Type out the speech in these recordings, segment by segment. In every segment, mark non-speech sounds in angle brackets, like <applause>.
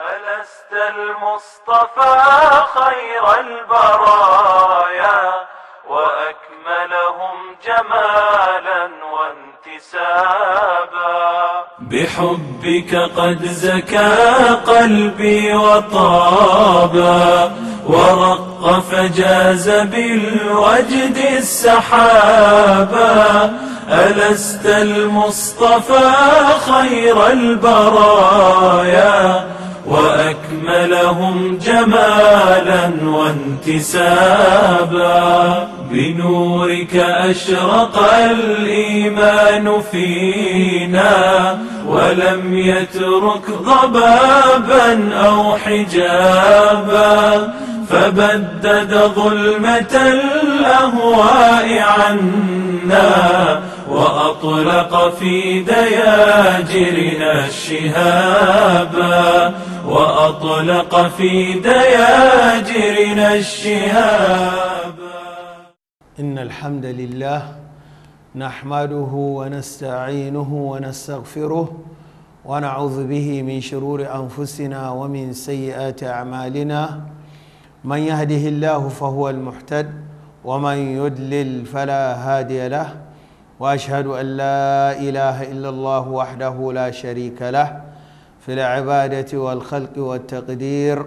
ألست المصطفى خير البرايا وأكملهم جمالا وانتسابا بحبك قد زكى قلبي وطابا ورق فجاز بالوجد السحابا ألست المصطفى خير البرايا وأكملهم جمالا وانتسابا بنورك أشرق الإيمان فينا ولم يترك ضبابا أو حجابا فبدد ظلمة الأهواء عنا وأطلق في دياجرنا الشهابا وأطلق في دياجرنا الشهابا إن الحمد لله نحمده ونستعينه ونستغفره ونعوذ به من شرور أنفسنا ومن سيئات أعمالنا من يهده الله فهو المحتد ومن يدلل فلا هادي له واشهد ان لا اله الا الله وحده لا شريك له في العباده والخلق والتقدير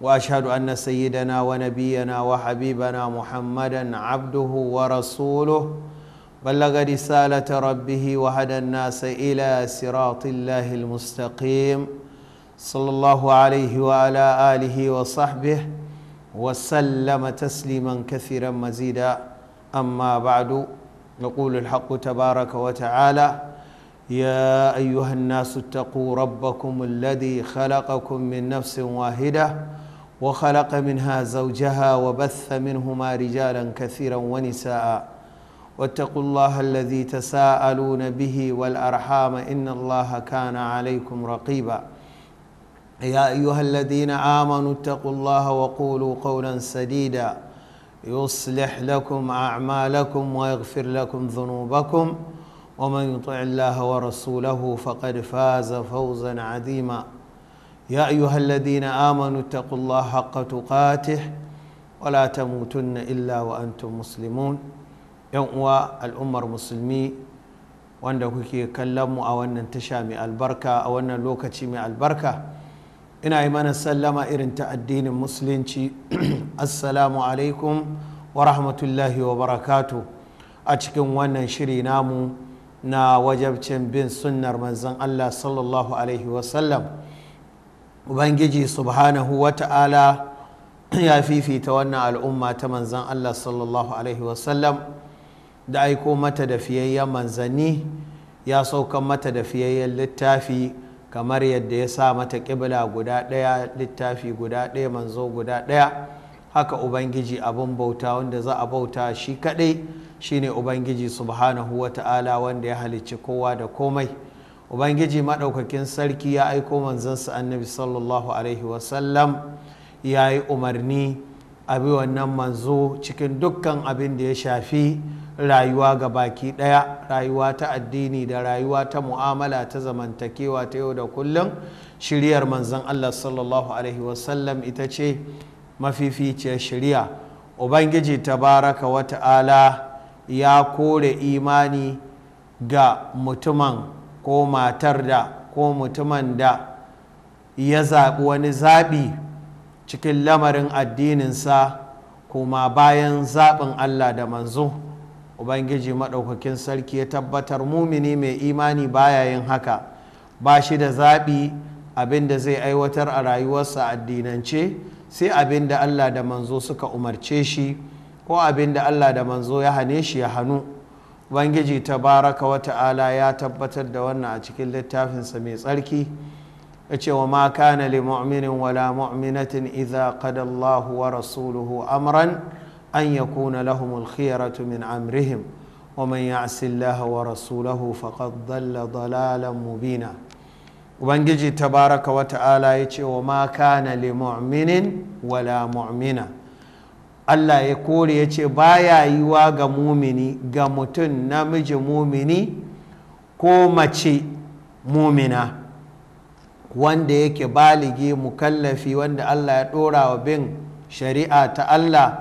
واشهد ان سيدنا ونبينا وحبيبنا محمدا عبده ورسوله بلغ رساله ربه وهدى الناس الى صراط الله المستقيم صلى الله عليه وعلى اله وصحبه وسلم تسليما كثيرا مزيدا اما بعد يقول الحق تبارك وتعالى يا ايها الناس اتقوا ربكم الذي خلقكم من نفس واحده وخلق منها زوجها وبث منهما رجالا كثيرا ونساء واتقوا الله الذي تساءلون به والارحام ان الله كان عليكم رقيبا يا ايها الذين امنوا اتقوا الله وقولوا قولا سديدا يصلح لكم اعمالكم ويغفر لكم ذنوبكم ومن يطع الله ورسوله فقد فاز فوزا عظيما يا ايها الذين امنوا اتقوا الله حق تقاته ولا تموتن الا وانتم مسلمون يوم الامر مسلمي wanda kuke kallon mu a wannan tasha mai albarka a wannan ina yi mana sallama irin ta addinin musulunci <clears throat> assalamu alaikum wa rahmatullahi wa barakatu a cikin wannan shiri namu na wajabcin bin sunnar manzan Allah sallallahu alaihi wasallam ubangiji subhanahu wa ta'ala ya fifita wannan al'umma ta manzan Allah sallallahu alaihi wasallam da aiko mata da fiyayyen manzanni ya saukan mata da fiyayyen littafi kamar yadda ya sa mata ƙibla guda ɗaya littafi guda ɗaya manzo guda ɗaya haka ubangiji abin bauta wanda za a bauta shi kaɗai shine ubangiji subhanahu wa ta'ala wanda ya halicci kowa da komai ubangiji maɗaukakin sarki ya aiko manzansa annabi sallallahu alaihi wasallam ya yi umarni abi wannan manzo cikin dukkan abin da ya shafi rayuwa ga baki ɗaya rayuwa ta addini da rayuwa ta mu'amala ta zamantakewa ta yau da kullum shiriyar manzon Allah sallallahu alaihi wasallam ita ce mafificiyar shirya ubangiji tabaraka wa ta'ala ya kore imani ga mutuman ko matar da ko mutuman da ya zaɓi wani zaɓi cikin lamarin addininsa kuma bayan zaɓin Allah da manzo. ubangiji maɗaukakin sarki ya tabbatar mumini mai imani baya yin haka ba shi da zaɓi abin da zai aiwatar a rayuwarsa addinance sai abin da allah da manzo suka umarce shi ko abin da allah da manzo ya hane shi ya hannu ubangiji baraka wa ta'ala ya tabbatar da wannan a cikin littafinsa mai tsarki ya wa ma kana li mu'minin wala mu'minatin idza qada allahu wa rasuluhu amran أن يكون لهم الخيرة من أمرهم ومن wa الله ورسوله فقد ضل ضلالا مبينا ubangiji tabaraka wa ta'ala ya ce wa ma kana mu'minin wala mu'mina Allah ya kore ya ce baya yiwa ga mumini ga mutum namiji mumini ko mace mumina wanda yake baligi mukallafi wanda Allah ya ɗora wa bin shari'a ta Allah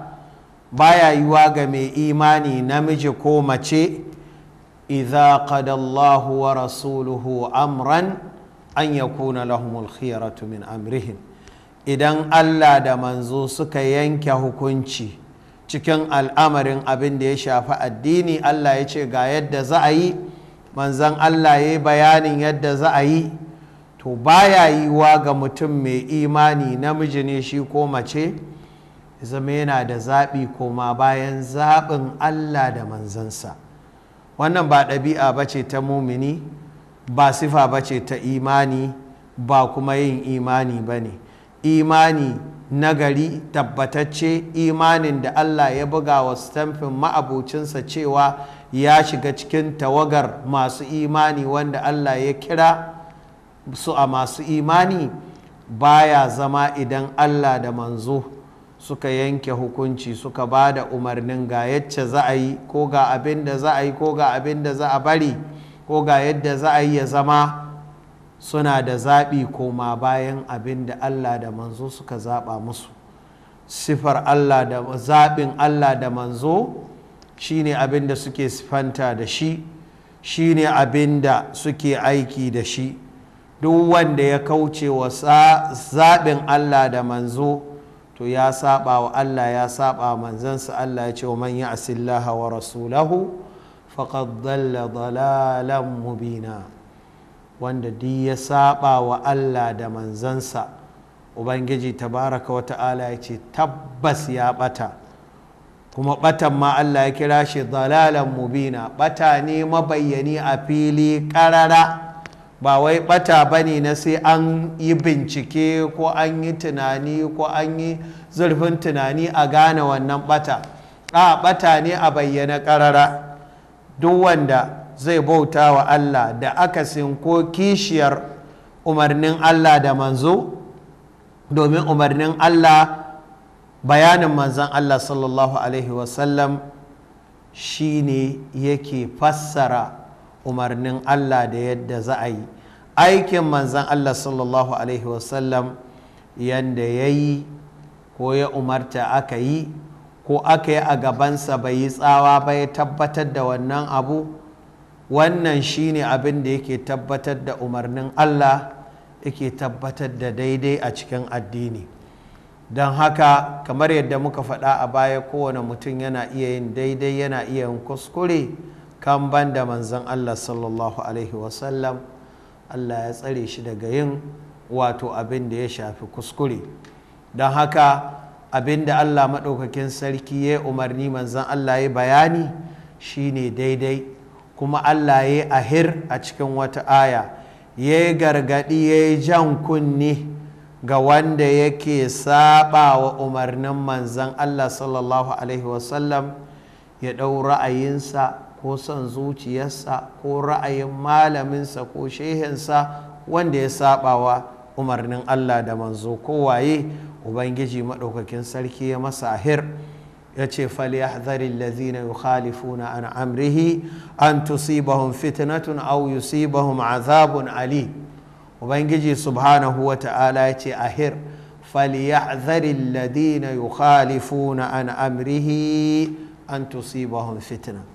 baya wa ga mai imani namiji ko mace idza qadallahu wa rasuluhu amran an yakuna lahumul khiyaratu min amrihim idan Allah da manzo suka yanke hukunci cikin al'amarin abin da ya shafi addini Allah ya ce ga yadda za a yi manzan Allah ya yi bayanin yadda za a yi to baya yiwa ga mutum mai imani namiji ne shi ko mace zama yana da zaɓi koma bayan zaɓin Allah da manzansa wannan ba ɗabi'a ba ce ta mumini ba sifa ba ce ta imani ba kuma yin imani ba ne imani nagari tabbatacce imanin da Allah ya buga wa stamfin ma'abucinsa cewa ya shiga cikin tawagar masu imani wanda Allah ya kira su a masu imani baya zama idan Allah da manzo suka yanke hukunci suka ba da umarnin ga yacce za a yi ko ga abin da za a yi ko ga abin da za a bari ko ga yadda za a yi ya zama suna da zaɓi koma bayan abin da Allah da manzo suka zaɓa musu sifar Allah da zaɓin Allah da manzo shine abin da suke sifanta da shi shine abin da suke aiki da shi duk wanda ya kauce wa zaɓin Allah da manzo to ya saba wa Allah ya saba manzansa Allah ya ce wa man ya'sillaha wa rasulahu faqad dalla dalalan mubina wanda duk ya saba wa Allah da manzansa ubangiji tabaraka wa ta'ala ya ce tabbas ya bata kuma batan ma Allah ya kira shi dalalan mubina bata ne mabayyani a fili karara ba wai bata bane na sai an yi bincike ko an yi tunani ko an yi zurfin tunani a gane wannan bata a bata ne a bayyana karara duk wanda zai bauta wa Allah da aka ko kishiyar umarnin Allah da manzo domin umarnin Allah bayanin manzan Allah sallallahu alaihi wasallam shi ne yake fassara umarnin Allah da yadda za a yi aikin manzan Allah sallallahu alaihi wasallam yadda ya yi ko ya umarta aka yi ko aka yi a gabansa bai yi tsawa ba ya tabbatar da wannan abu wannan shine abin da yake tabbatar da umarnin Allah yake tabbatar da daidai a cikin addini don haka kamar yadda muka faɗa a baya kowane mutum yana iya yin daidai yana iya yin kuskure kan ban da manzon Allah sallallahu alaihi wasallam Allah ya tsare shi daga yin wato abin da ya shafi kuskure don haka abin da Allah maɗaukakin sarki ya umarni manzan Allah ya bayani shi ne daidai kuma Allah ya ahir a cikin wata aya ya gargaɗi ya yi jan kunni ga wanda yake saba wa umarnin manzan Allah sallallahu Alaihi wasallam ya ɗau ra'ayinsa ko son zuciyarsa ko ra'ayin malaminsa ko shehinsa wanda ya sabawa umarnin Allah da manzo kowaye ubangiji maɗaukakin sarki ya masa ahir ya ce falyahdhari allazina yukhalifuna an amrihi an tusibahum fitnatun aw yusibahum azabun ali ubangiji subhanahu wa ta'ala ya ce ahir falyahdhari alladhina yukhalifuna an amrihi an tusibahum fitnatun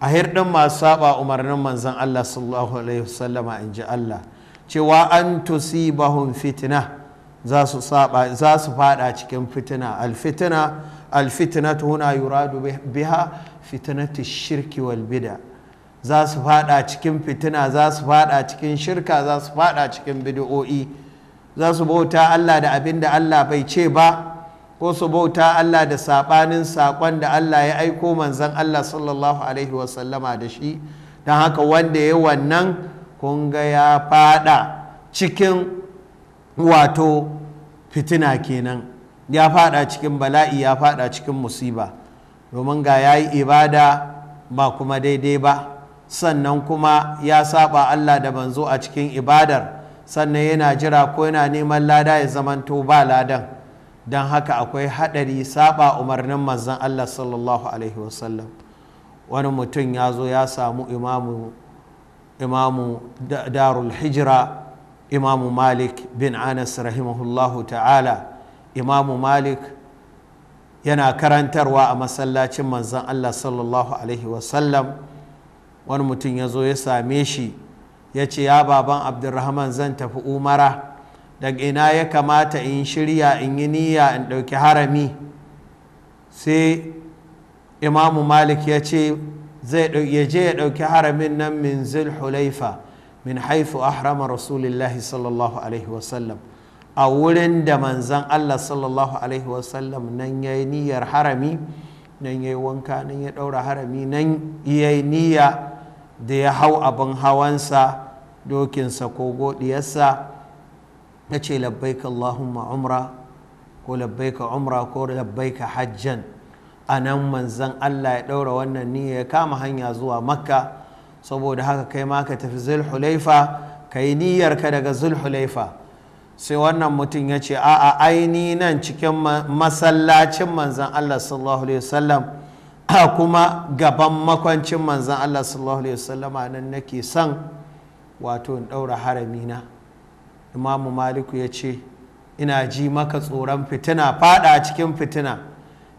a hirɗin masu saba umarnin manzan Allah sallallahu alaihi wasallama in ji Allah cewa an tusibahum fitina za su saba za su fada cikin fitina alfitina alfitinatu huna yuradu biha fitinatu shirki wal bid'a za su fada cikin fitina za su fada cikin shirka za su fada cikin bid'o'i za su bauta Allah da abinda Allah bai ce ba ko su bauta Allah da saɓanin saƙon da Allah ya aiko manzan Allah sallallahu alaihi wasallama da shi don haka wanda ya wannan kun ga ya fada cikin wato fitina kenan ya fada cikin bala'i ya fada cikin musiba domin ga ya yi ibada ba kuma daidai ba sannan kuma ya saba Allah da manzo a cikin ibadar sannan yana jira ko yana neman lada ya zamanto ba ladan. don haka akwai haɗari saba umarnin manzan Allah sallallahu alaihi wasallam wani mutum ya zo ya samu imamu imamu darul hijira imamu malik bin anas rahimahullahu ta'ala imamu malik yana karantarwa a masallacin manzan Allah sallallahu alaihi wasallam wani mutum ya zo ya same shi ya ce ya baban abdurrahman zan tafi umara daga ina ya kamata in shirya in yi niyya in ɗauki harami sai imamu malik ya ce ya je ya ɗauki haramin nan min zil hulaifa min haifu ahrama rasulillahi sallallahu alaihi wasallam a wurin da manzan allah sallallahu alaihi wasallam nan ya yi niyyar harami nan ya yi wanka nan ya ɗaura harami nan ya yi niyya da ya hau abin hawansa dokinsa ko godiyarsa na ce labbaika Allahumma umra ko labbaika umra ko labbaika hajjan a nan manzan Allah ya ɗaura wannan niyya ya kama hanya zuwa makka saboda haka kai ma ka tafi zulhulaifa ka yi ka daga zulhulaifa sai wannan mutum ya ce a'a aini nan cikin masallacin manzan Allah sallallahu alaihi wasallam a kuma gaban makwancin manzan Allah sallallahu alaihi wasallam nan nake son wato in ɗaura haramina imamu maliku ya ce ina ji maka tsoron fitina fada cikin fitina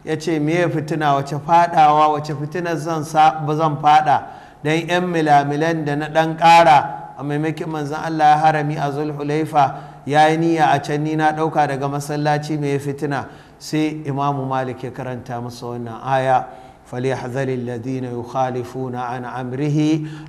ya ce meye fitina wace fadawa wace fitina zan zan fada don 'yan milamilan da na dan kara a maimakon manzan Allah ya harami a zulhulaifa ya yi niyya a can ni na dauka daga masallaci mai fitina sai imamu malik ya karanta masa wannan aya فليحذر الذين يخالفون عن امره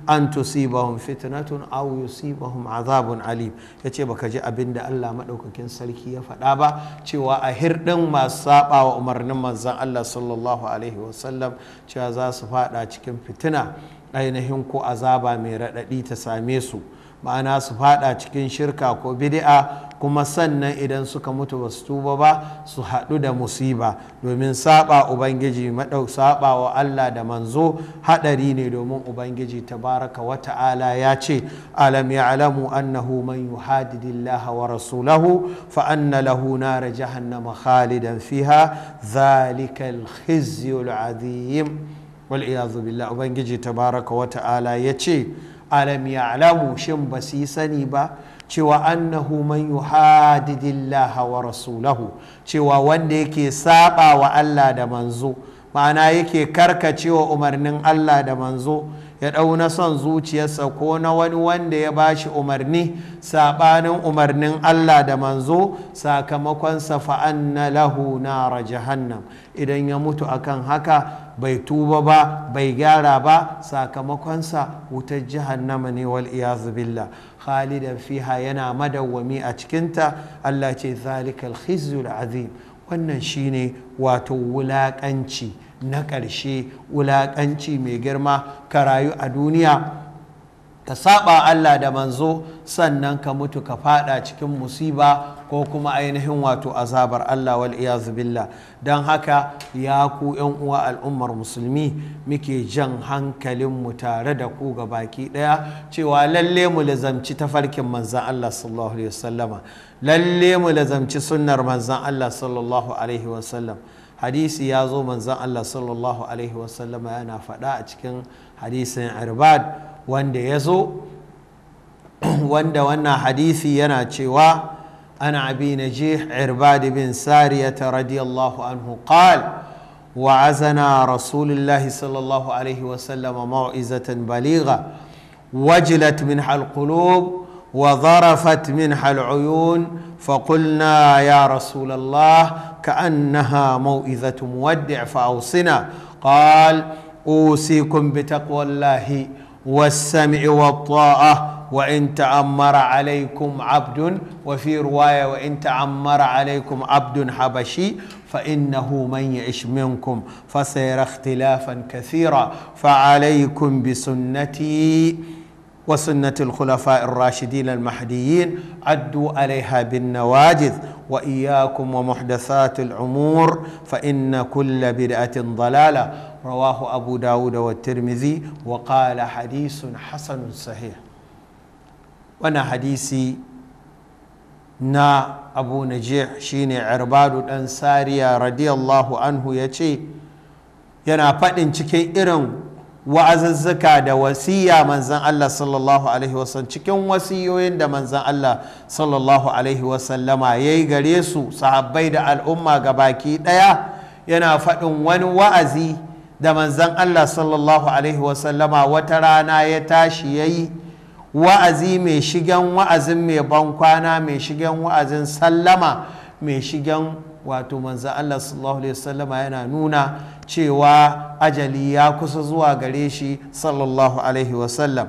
ان تصيبهم فتنه او يصيبهم عذاب عليم yace baka ji abin da Allah madaukakin sarki ya faɗa ba cewa a hirɗin masu saba wa umarnin manzon Allah sallallahu alaihi wasallam cewa za su faɗa cikin fitina ainihin ko azaba mai raɗaɗi ta same su ma'ana su fada cikin shirka ko bid'a kuma sannan idan suka mutu ba su tuba ba su haɗu da musiba domin saba ubangiji maɗau saba wa Allah da manzo haɗari ne domin ubangiji tabaraka wa ta'ala ya ce alam ya'lamu annahu man yuhadidillaha wa rasulahu fa anna lahu nara jahannama khalidan fiha zalikal khizyul azim wal billah ubangiji tabaraka wa ta'ala ya ce alam ya'lamu shin ba su yi sani ba cewa annahu man yuhadidillaha wa rasulahu cewa wanda yake saba wa Allah da manzo ma'ana yake karkacewa umarnin Allah da manzo ya ɗau na son zuciyarsa ko na wani wanda ya bashi umarni saɓanin umarnin Allah da manzo sakamakon fa'an na lahu nara jahannam idan ya mutu akan haka bai tuba ba bai gyara ba sakamakonsa wutar jahannama ne wal billah khalidan fiha yana madawwami a cikinta Allah ce zalikal khizyul azim wannan shine wato wulaƙanci na ƙarshe wulaƙanci mai girma ka rayu a duniya ka saba Allah da manzo sannan ka mutu ka fada cikin musiba ko kuma ainihin wato azabar Allah wal billah don haka ya ku yan uwa al'ummar musulmi muke jan hankalin mu tare da ku ga baki daya cewa lalle mu lazamci tafarkin manzan Allah sallallahu alaihi wasallama lalle mu lazamci sunnar manzan Allah sallallahu alaihi wasallam hadisi ya zo manzan Allah sallallahu alaihi wasallama yana faɗa a cikin hadisin irbad wanda ya zo <clears throat> wanda wannan hadisi yana cewa ana abi najih irbad bin sariyata radiyallahu anhu qal وعزنا رسول الله صلى الله عليه وسلم موعظة بليغة وجلت منها القلوب وظرفت منها العيون فقلنا يا رسول الله كأنها موئذة مودع فأوصنا قال أوصيكم بتقوى الله والسمع والطاعة وإن تعمر عليكم عبد وفي رواية وإن تعمر عليكم عبد حبشي فإنه من يعش منكم فسيرى اختلافا كثيرا فعليكم بسنتي وسنة الخلفاء الراشدين المهديين عدوا عليها بالنواجذ وإياكم ومحدثات العمور فإن كل بدعة ضلالة رواه أبو داود والترمذي وقال حديث حسن صحيح وانا حديثي نا أبو نجيح شيني عرباد الأنسارية رضي الله عنه يتي yana faɗin cikin irin wa'azuzzuka da wasiya manzan Allah sallallahu alaihi wasallam cikin wasiyoyin da manzan Allah sallallahu alaihi wasallama ya yi gare su sahabbai da al'umma ga baki ɗaya yana faɗin wani wa'azi da manzan Allah sallallahu alaihi wasallama wata rana ya tashi ya yi wa'azi mai shigen wa'azin mai ban kwana, mai shigen wa'azin sallama mai shigen wato manzo Allah sallallahu alaihi wasallama yana nuna cewa ajali ya kusa zuwa gare shi sallallahu alaihi wasallam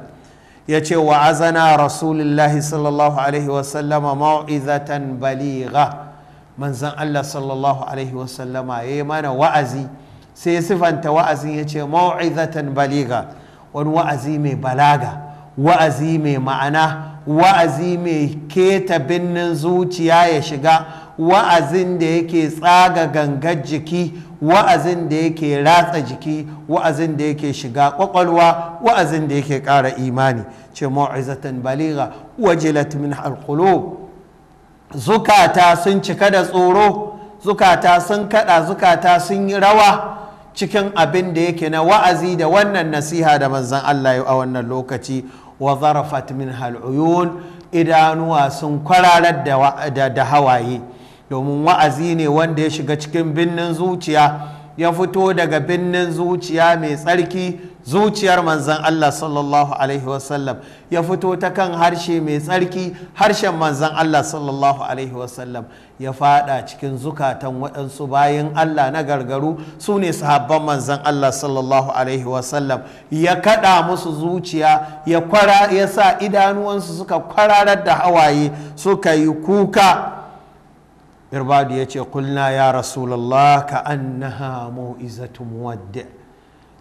ya ce wa azana rasulullahi sallallahu alaihi wasallama mau'izatan baligha manzon Allah sallallahu alaihi wasallama ya yi mana wa'azi sai sifanta wa'azin ya ce mau'izatan baliga. wani wa'azi mai balaga wa'azi mai ma'ana wa'azi mai keta binnin zuciya ya shiga wa'azin da yake tsaga gangar jiki wa'azin da yake ratsa jiki wa'azin da yake shiga kwakwalwa wa'azin da yake ƙara imani ce mau'izatan baliga wajilat min alqulub zukata sun cika da tsoro zukata sun kada zukata sun yi rawa cikin abin da yake na wa'azi da wannan nasiha da manzan Allah a wannan lokaci wa zarafat min hal'uyun idanuwa sun kwararar da hawaye domin wa'azi ne wanda ya shiga cikin binnin zuciya ya fito daga binnin zuciya mai tsarki zuciyar manzan Allah sallallahu alaihi wasallam ya fito ta kan harshe mai tsarki harshen manzan Allah sallallahu alaihi wasallam ya fada cikin zukatan waɗansu bayan Allah na gargaru su ne sahabban manzan Allah sallallahu alaihi wasallam ya kaɗa musu zuciya ya kwara ya sa idanuwansu suka kwararar da hawaye suka yi kuka mirbadu ya ce kulna ya rasulallah ka annaha mu'izatu muwaddi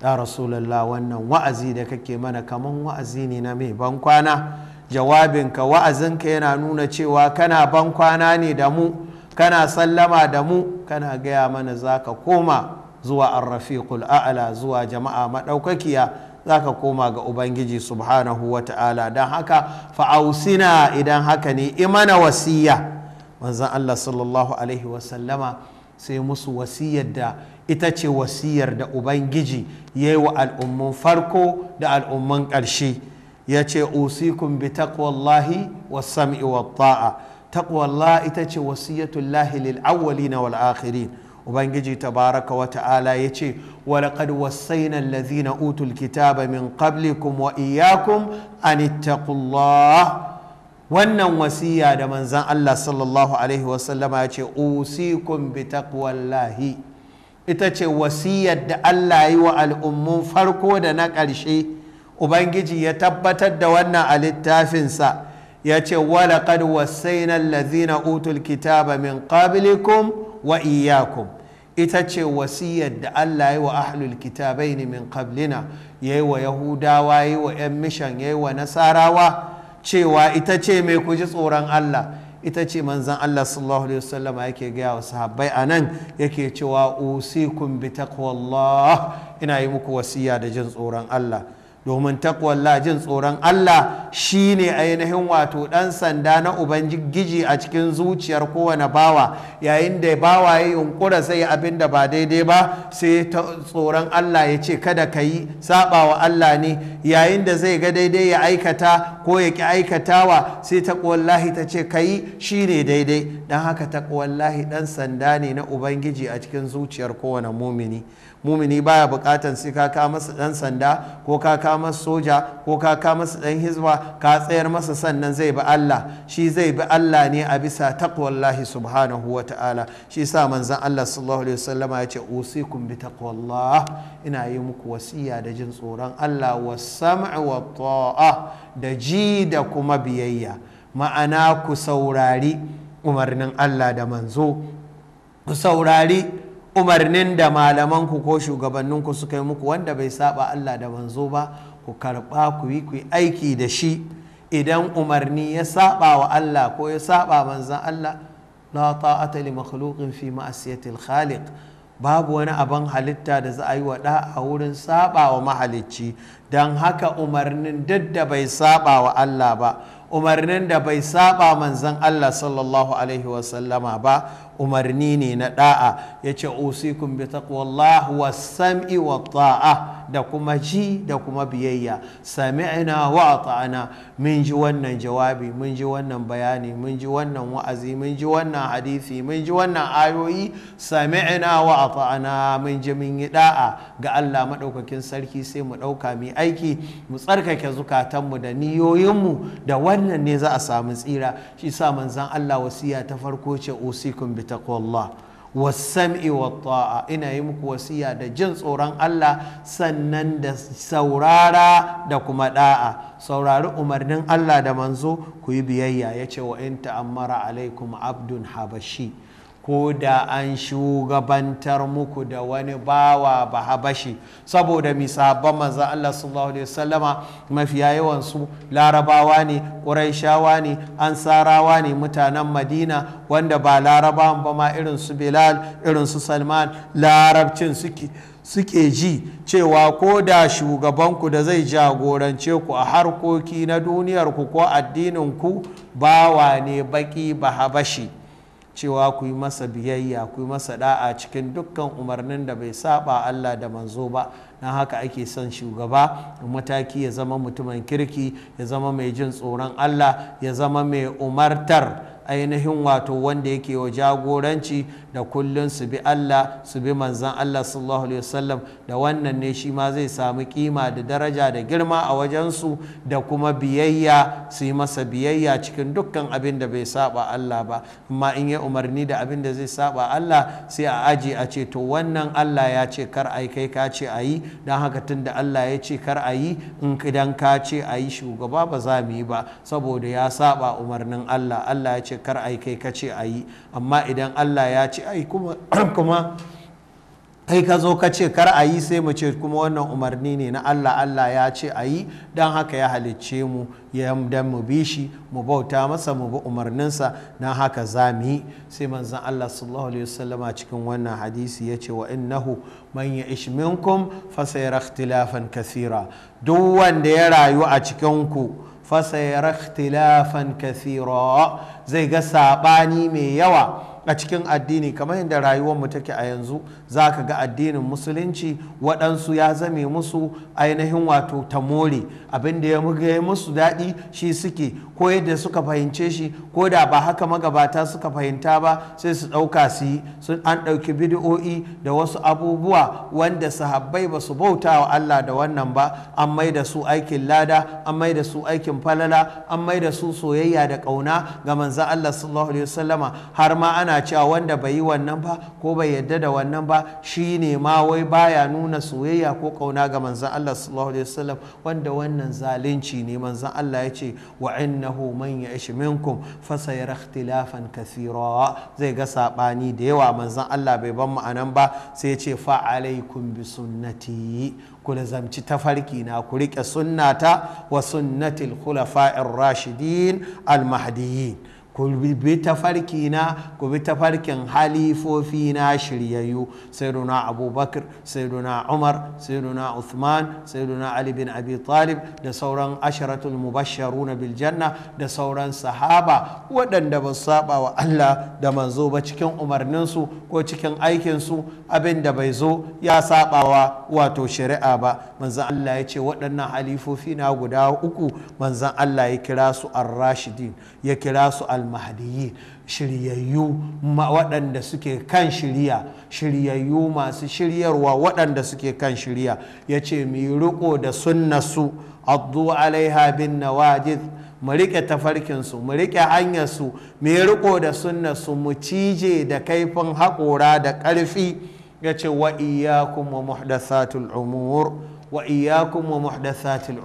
ya rasulallah wannan wa'azi da kake mana kaman wa'azi ne na mai bankwana jawabinka wa'azinka yana nuna cewa kana bankwana ne da mu kana sallama da mu kana gaya mana zaka koma zuwa arrafiqul a'la zuwa jama'a maɗaukakiya zaka koma ga ubangiji subhanahu wa ta'ala don haka fa'ausina idan haka ne imana wasiya manzan Allah sallallahu alaihi wasallama sai musu wasiyar da ita ce wasiyar da ubangiji ya yi wa al'umman farko da al'umman ƙarshe ya ce usikun bi taqwallahi wa sami wat-ta'a taqwallah ita ce wasiyatullahi lil awwalina wal akhirin ubangiji tabaraka wa ta'ala ya ce wa laqad wasaina allazina utul kitaba min qablikum wa iyyakum an ittaqullah wannan wasiya da manzan Allah sallallahu alaihi wasallama ya ce usikum bi taqwallahi ita ce wasiyar da Allah yi wa al'ummun farko da na ƙarshe ubangiji ya tabbatar da wannan a littafinsa ya ce walaƙad wasaina lazina utul kitaba min qablikum wa iyyakum ita ce wasiyar da Allah yi wa ahlul kitabai min qablina yi wa yahudawa yi wa 'yan mishan yi wa nasarawa cewa ita ce mai kuji tsoron Allah ita ce manzan Allah sallallahu alaihi wasallam yake gaya wa sahabbai a nan yake cewa usikum bi taqwallah ina yi muku wasiya da jin tsoron Allah domin takwallah jin tsoron Allah shine ainihin wato ɗan sanda na ubangiji a cikin zuciyar kowane bawa yayin da bawa ya yunkura sai abin da ba daidai ba sai tsoron Allah ya ce kada ka yi saba wa Allah ne yayin da zai ga daidai ya aikata ko ya ƙi aikatawa sai takwallahi ta ce ka yi shi shine daidai don haka takwallahi ɗan sanda ne na ubangiji a cikin zuciyar kowane mumini mumini baya bukatan sai ka ka masa dan sanda ko ka ka masa soja ko ka ka masa dan hizba ka tsayar masa sannan zai bi Allah shi zai bi Allah ne a bisa taqwallahi subhanahu wa ta'ala shi sa manzon Allah sallallahu alaihi wasallama ya ce usikum bi taqwallah ina yi muku wasiya da jin tsoron Allah was sam'a wa ta'a da ji da kuma biyayya ma'ana ku saurari umarnin Allah da manzo ku saurari umarnin da malamanku ko shugabanninku suka yi muku wanda bai saba Allah da manzo ba ku karba ku yi ku aiki da shi idan umarni ya saba wa Allah ko ya saba manzan Allah la ta'ata li makhluqin fi ma'asiyatil khaliq babu wani abin halitta da za a yi wa a wurin saba wa mahalicci don haka umarnin da bai saba wa Allah ba umarnin da bai saba manzan Allah sallallahu alaihi sallama ba umarni ne na da'a ya ce usikun bi taqwallah wa sam'i wa ta'a da kuma ji da kuma biyayya sami'na wa ata'na mun ji wannan jawabi mun ji wannan bayani mun ji wannan wa'azi mun ji wannan hadisi mun ji wannan ayoyi sami'na wa ata'na mun ji mun yi da'a ga Allah maɗaukakin sarki sai mu ɗauka mu aiki mu tsarkake zukatanmu da niyoyinmu da wannan ne za a samu tsira shi sa manzon Allah wasiya ta farko ce usikun bi taqwallah wasam'i wa ta'a ina yi muku wasiya da jin tsoron Allah sannan da saurara da kuma da'a saurari umarnin Allah da manzo ku yi biyayya yace wa in ta'ammara alaikum abdun habashi ko da an shugabantar muku da wani bawa ba habashi saboda misaban manzan Allah sallallahu alaihi wasallama mafiya yawan su larabawa ne ƙuraishawa ne ansarawa ne mutanen madina wanda ba laraba ba ma irin su bilal irin su salman larabcin suke suke ji cewa ko da shugabanku da zai jagorance ku a harkoki na duniyarku ko addininku bawa ne baki ba habashi cewa ku yi masa biyayya ku yi masa da'a cikin dukkan umarnin da bai saba Allah da manzo ba na haka ake son shugaba mataki ya zama mutumin kirki ya zama mai jin tsoron Allah ya zama mai umartar ainihin wato wanda yake wa jagoranci da kullum su bi Allah su bi manzan Allah sallallahu alaihi wasallam da wannan ne shi ma zai samu kima da daraja da girma a wajensu da kuma biyayya su yi masa biyayya cikin dukkan abin da bai saba Allah ba amma in yi umarni da abin da zai saba Allah sai a aji a ce to wannan Allah ya ce kar a yi kai ka ce a yi don haka tun da Allah ya ce kar a yi in idan ka ce a yi shugaba ba za mu yi ba saboda ya saba umarnin Allah Allah ya ce ce kar ai kai ka ce a yi amma idan Allah ya ce ai <clears throat> kuma kai ka zo ka ce kar a yi sai mu ce kuma wannan umarni ne na Allah Allah ya ce a yi don haka ya halicce mu ya dan mu bi shi mu bauta masa mu bi umarninsa na haka za mu yi sai manzon Allah sallallahu alaihi wasallama cikin wannan hadisi ya ce wa innahu man ya ish minkum fa sayara ikhtilafan kathira duk wanda ya rayu a cikin ku فسيرى اختلافا كثيرا زي قصة باني مي يوا a cikin addini kamar yadda rayuwar mu take a yanzu za ka ga addinin musulunci waɗansu ya zame musu ainihin wato Tamori. abin da ya muga musu daɗi shi suke ko yadda suka fahimce shi ko da ba haka magabata suka fahimta ba sai su ɗauka su yi sun an ɗauki bidiyo'i da wasu abubuwa wanda sahabbai ba su bauta wa Allah da wannan ba an mai da su aikin lada an mai da su aikin falala an mai da su soyayya da ƙauna ga manzan Allah sallallahu alaihi wasallama har ma ana ana cewa wanda bai yi wannan ba ko bai yadda da wannan ba shi ne ma wai baya nuna soyayya ko kauna ga manzan Allah sallallahu alaihi wasallam wanda wannan zalunci ne manzan Allah ya ce wa innahu man ya'ish minkum fa sayara ikhtilafan kathira zai ga sabani da yawa manzan Allah bai ban ma'anan ba sai ya ce fa alaikum bi sunnati ku lazamci tafarki na ku riƙe sunnata wa sunnatil khulafa'ir rashidin al mahdiyyin ku bi tafarki na ku bi tafarkin halifofi na shiryayyu sayyiduna abubakar sayyiduna umar sayyiduna uthman sayyiduna ali bin abi talib da sauran asharatul mubasharuna bil Biljanna da sauran sahaba waɗanda ba su saba wa Allah da manzo ba cikin umarninsu ko cikin aikinsu abin da bai zo ya saba wa wato shari'a ba manzan Allah ya ce waɗannan halifofi na guda uku manzan Allah ya kira su ar-rashidin ya kira su al al shiryayyu waɗanda suke kan shirya shiryayyu masu shiryarwa waɗanda suke kan shirya ya ce mu riko da sunnasu addu alaiha bin nawajid mu riƙe tafarkinsu mu riƙe hanyarsu mu riko da sunnasu mu cije da kaifin haƙora da ƙarfi ya ce wa iyakum wa umur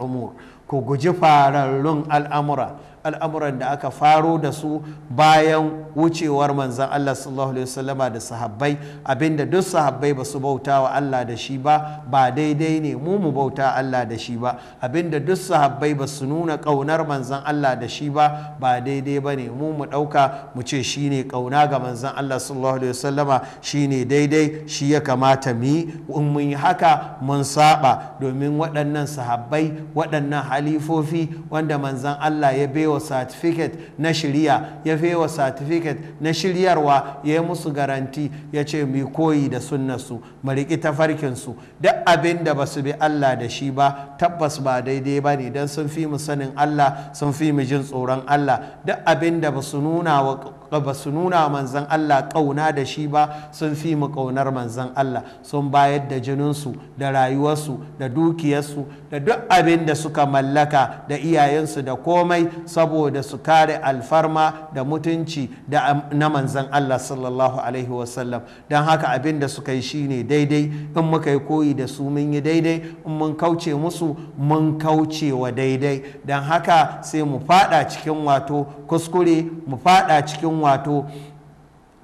umur ku guji fararrun al'amura al'amuran da aka faro da su bayan wucewar manzan Allah sallallahu alaihi wasallama da sahabbai abinda duk sahabbai ba su bauta wa Allah da shi ba ba daidai ne mu mu bauta Allah da shi ba abinda duk sahabbai ba su nuna ƙaunar manzan Allah da shi ba ba daidai ba ne mu mu ɗauka mu ce shi ne ƙauna ga manzan Allah sallallahu alaihi wasallama shi ne daidai shi ya kamata mu yi in mun yi haka mun saba domin waɗannan sahabbai waɗannan halifofi wanda manzan Allah ya baiwa wa satifiket na shirya ya fi wa satifiket na shiryarwa ya yi musu garanti ya ce mu koyi da sunnarsu mu ta farkinsu duk abin da ba su bi Allah da shi ba tabbas ba daidai ba ne don sun fi mu sanin Allah sun fi mu jin tsoron Allah duk abin da ba su nuna wa ba su nuna manzan Allah ƙauna da shi ba sun fi mu ƙaunar manzan Allah sun bayar da jininsu da rayuwarsu da dukiyarsu da duk abin da suka mallaka da iyayensu da komai saboda su kare alfarma da mutunci da na manzan Allah sallallahu alaihi wasallam don haka abin da suka yi shi ne daidai in muka yi koyi da su mun yi daidai in mun kauce musu mun kauce wa daidai don haka sai mu faɗa cikin wato kuskure mu faɗa cikin wato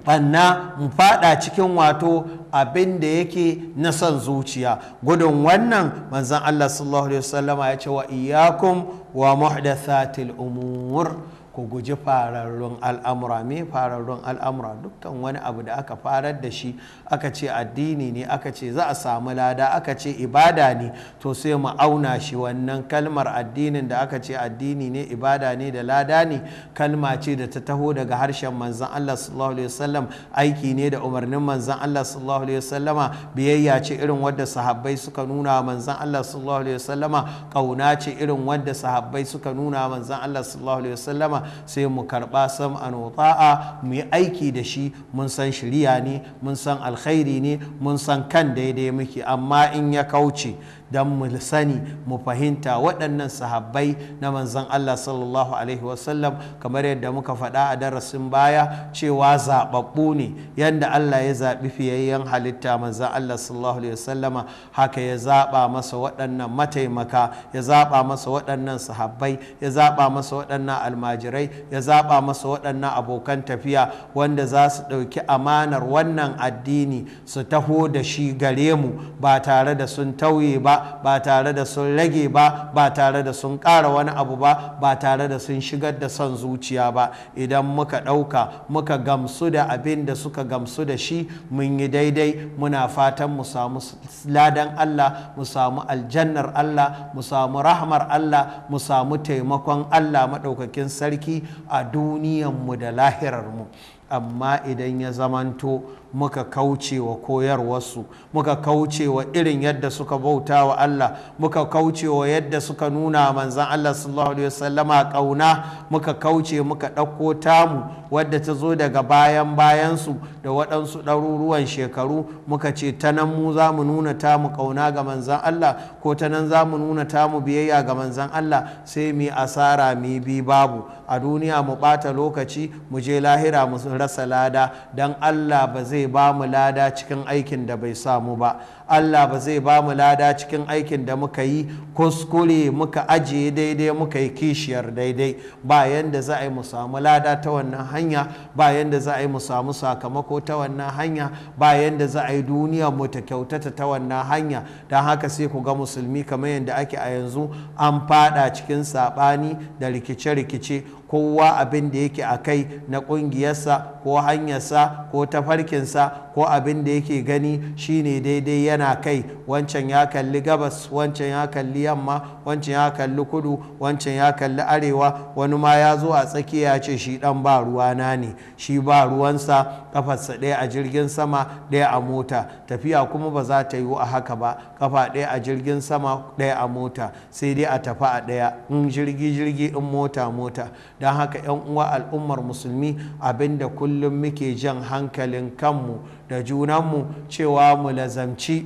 banna mu fada cikin wato abin da yake na son zuciya gudun wannan manzon Allah sallallahu alaihi wasallama ya ce wa iyakum wa muhdathatil umur ku guji fararrun al'amura me fararrun al'amura dukkan wani abu da aka farar da shi aka ce addini ne aka ce za a samu lada aka ce ibada ne to sai mu auna shi wannan kalmar addinin da aka ce addini ne ibada ne da lada ne kalma ce da ta taho daga harshen manzan Allah sallallahu alaihi wasallam aiki ne da umarnin manzan Allah sallallahu alaihi wasallama biyayya ce irin wanda sahabbai suka nuna manzan Allah sallallahu alaihi wasallama kauna ce irin wanda sahabbai suka nuna manzan Allah sallallahu alaihi wasallama sai mu karba sam an wata'a mu yi aiki da shi mun san shiriya ne mun san alkhairi ne mun san kan daidai muke amma in ya kauce don mu sani mu fahimta waɗannan sahabbai na manzon Allah sallallahu alaihi wasallam kamar yadda muka faɗa a darasin baya cewa zaɓaɓɓu ne yadda Allah ya zaɓi fiyayyen halitta manzon Allah sallallahu alaihi wasallama haka ya zaɓa masa waɗannan mataimaka ya zaɓa masa waɗannan sahabbai ya zaɓa masa waɗannan almajirai ya zaɓa masa waɗannan abokan tafiya wanda za su ɗauki amanar wannan addini su taho da shi gare mu ba tare da sun tauye ba ba tare da sun rage ba ba tare da sun ƙara wani abu ba ba tare da sun shigar da son zuciya ba idan muka ɗauka muka gamsu da abin da suka gamsu da shi mun yi daidai muna fatan mu samu ladan Allah mu samu aljannar Allah mu samu rahmar Allah mu samu taimakon Allah maɗaukakin sarki a duniyanmu da lahirarmu amma idan ya zamanto muka kauce wa koyarwarsu muka kauce wa irin yadda suka bauta wa Allah muka kauce wa yadda suka nuna manzan Allah sallallahu alaihi wasallama ƙauna muka kauce muka ɗauko tamu wadda ta zo daga bayan bayansu da waɗansu ɗaruruwan shekaru muka ce ta nan mu za mu nuna ta mu ƙauna ga manzan Allah ko ta nan za mu nuna ta mu biyayya ga manzan Allah sai mu asara mu bi babu a duniya mu ɓata lokaci mu je lahira mu rasa lada don Allah ba zai ba mu lada cikin aikin da bai samu ba Allah ba zai ba mu lada cikin aikin da muka yi kuskure muka ajiye daidai muka yi kishiyar daidai ba yanda za a yi mu samu lada ta wannan hanya ba yanda za a yi mu samu sakamako ta wannan hanya ba yanda za a yi duniyar mu ta kyautata ta wannan hanya don haka sai ku ga musulmi kamar yadda ake a yanzu an fada cikin sabani da rikice-rikice kowa abin da yake a kai na ƙungiyarsa ko hanyarsa ko tafarkinsa ko abin da yake gani shine daidai yana kai wancan ya kalli gabas wancan ya kalli yamma wancan ya kalli kudu wancan ya kalli arewa wani ma ya zo a tsakiya ya ce shi dan ba ruwana ne shi ba ruwansa kafarsa ɗaya a jirgin sama ɗaya a mota tafiya kuma ba za ta yiwu a haka ba kafa ɗaya a jirgin sama ɗaya a mota sai dai a tafi a ɗaya in jirgi jirgi in mota mota don haka 'yan uwa al'ummar musulmi abinda kullum muke jan hankalin kanmu da junanmu cewa mu lazamci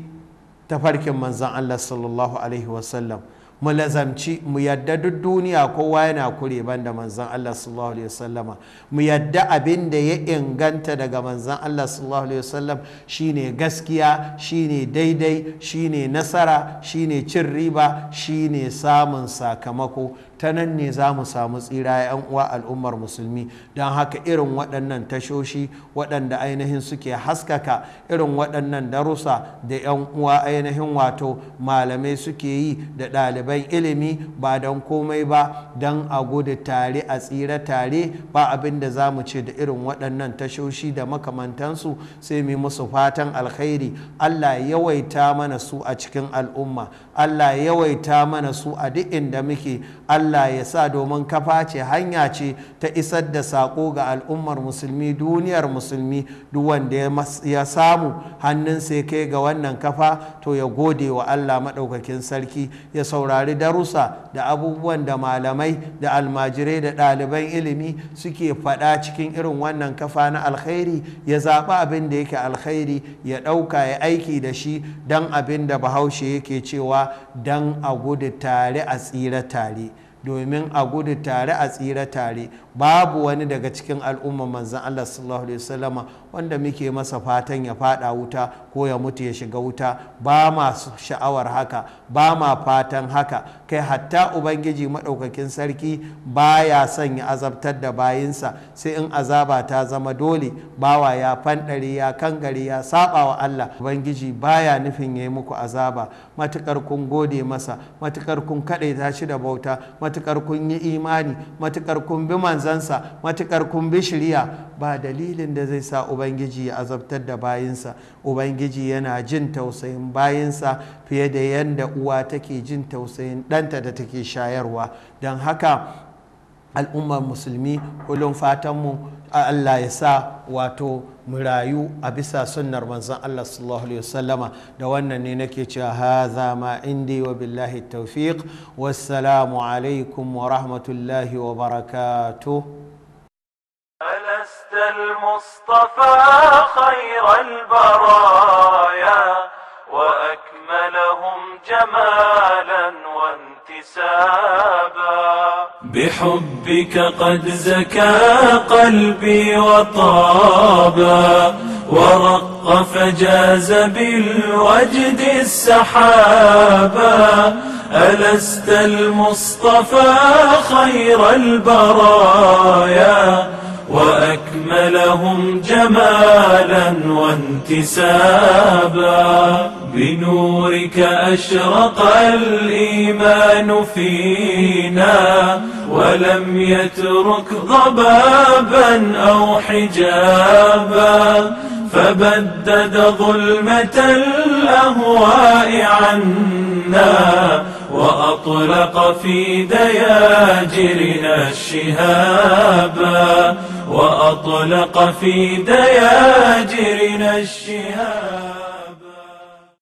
tafarkin manzan Allah sallallahu alaihi wasallam mu lazamci mu yadda duk duniya kowa yana kure banda manzan Allah sallallahu alaihi wasallama mu yadda abin da ya inganta daga manzan Allah sallallahu alaihi wasallam shine gaskiya shine daidai shine nasara shine cin riba shine samun sakamako ta nan ne za mu samu tsira yan uwa al'ummar musulmi don haka irin waɗannan tashoshi waɗanda ainihin suke haskaka irin waɗannan darussa da yan uwa ainihin wato malamai suke yi da ɗaliban ilimi ba don komai ba don a gudu tare a tsira tare ba abin da za mu ce da irin waɗannan tashoshi da makamantansu sai mu musu fatan alkhairi allah yawaita mana su a cikin al'umma allah yawaita mana su a duk inda muke allah Allah ya sa domin kafa ce hanya ce ta isar da sako ga al'ummar musulmi duniyar musulmi duk wanda ya samu hannun sai kai ga wannan kafa to ya gode wa Allah maɗaukakin sarki ya saurari darusa da abubuwan da malamai da almajirai da ɗaliban ilimi suke faɗa cikin irin wannan kafa na alkhairi ya zaɓi abin da yake alkhairi ya ɗauka ya aiki da shi don abin da bahaushe yake cewa don a gudu tare a tsira tare domin a gudu tare a tsira tare babu wani daga cikin al'umma manzan Allah sallallahu alaihi wasallama wanda muke masa fatan ya fada wuta ko ya mutu ya shiga wuta ba ma sha'awar haka ba ma fatan haka kai hatta ubangiji maɗaukakin sarki baya son ya azabtar da bayinsa sai in azaba ta zama dole bawa ya fanɗare ya kangari ya saba wa Allah ubangiji ba ya nufin ya yi muku azaba matukar kun gode masa matukar kun kaɗaita shi da bauta matukar kun yi imani matukar kun bi manzansa matukar kun bi shirya ba dalilin da zai sa ubangiji ya azabtar da bayinsa ubangiji yana jin tausayin bayinsa fiye da yadda uwa take jin tausayin ɗanta da take shayarwa don haka al'ummar musulmi kullum fatanmu allah ya sa wato mu rayu a bisa sunnar manzon allah sallallahu alaihi wasallama da wannan ne nake cewa haza ma indi wa billahi tawfiq wassalamu alaikum wa rahmatullahi wa barakatuh لست المصطفى خير البرايا وأكملهم جمالا وانتسابا بحبك قد زكى قلبي وطابا ورق فجاز بالوجد السحابا ألست المصطفى خير البرايا وأكملهم جمالا وانتسابا بنورك أشرق الإيمان فينا ولم يترك ضبابا أو حجابا فبدد ظلمة الأهواء عنا وأطلق في دياجرنا الشهابا وأطلق في دياجرنا الشهاب